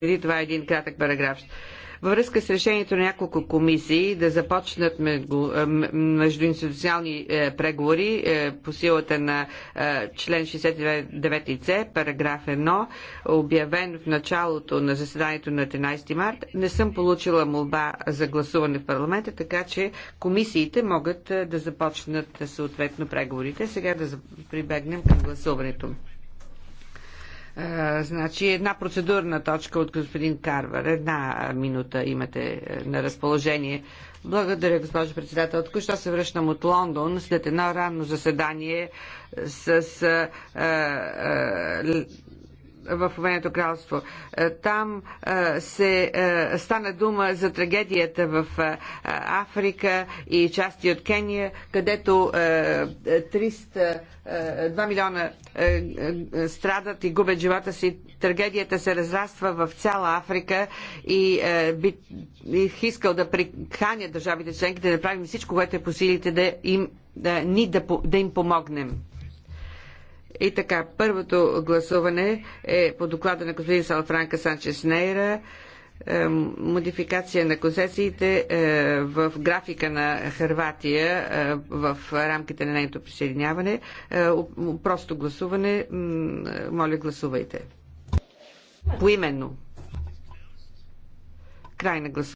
Преди това е един кратък параграф. Във връзка с решението на няколко комисии да започнат е, междуинституционални е, преговори е, по силата на член 69c, параграф 1, обявен в началото на заседанието на 13 март, не съм получила молба за гласуване в парламента, така че комисиите могат да започнат съответно преговорите. Сега да прибегнем към гласуването. Е, значи една процедурна точка от господин Карвар. Една минута имате е, на разположение. Благодаря, госпожо председател. Току-що се връщам от Лондон след едно ранно заседание с а, е, а, в военното кралство. Е, там е, се е, стана дума за трагедията в Африка и части от Кения, където 300, 2 милиона страдат и губят живота си. Трагедията се разраства в цяла Африка и бих искал да приканя държавите членки да направим всичко, което е по силите да им, да, ни, да, да им помогнем. И така, първото гласуване е по доклада на господин Салфранка Санчес Нейра е, модификация на концесиите е, в графика на Харватия е, в рамките на нейното присъединяване. Просто гласуване. Моля, гласувайте. Поименно. Край на гласуване.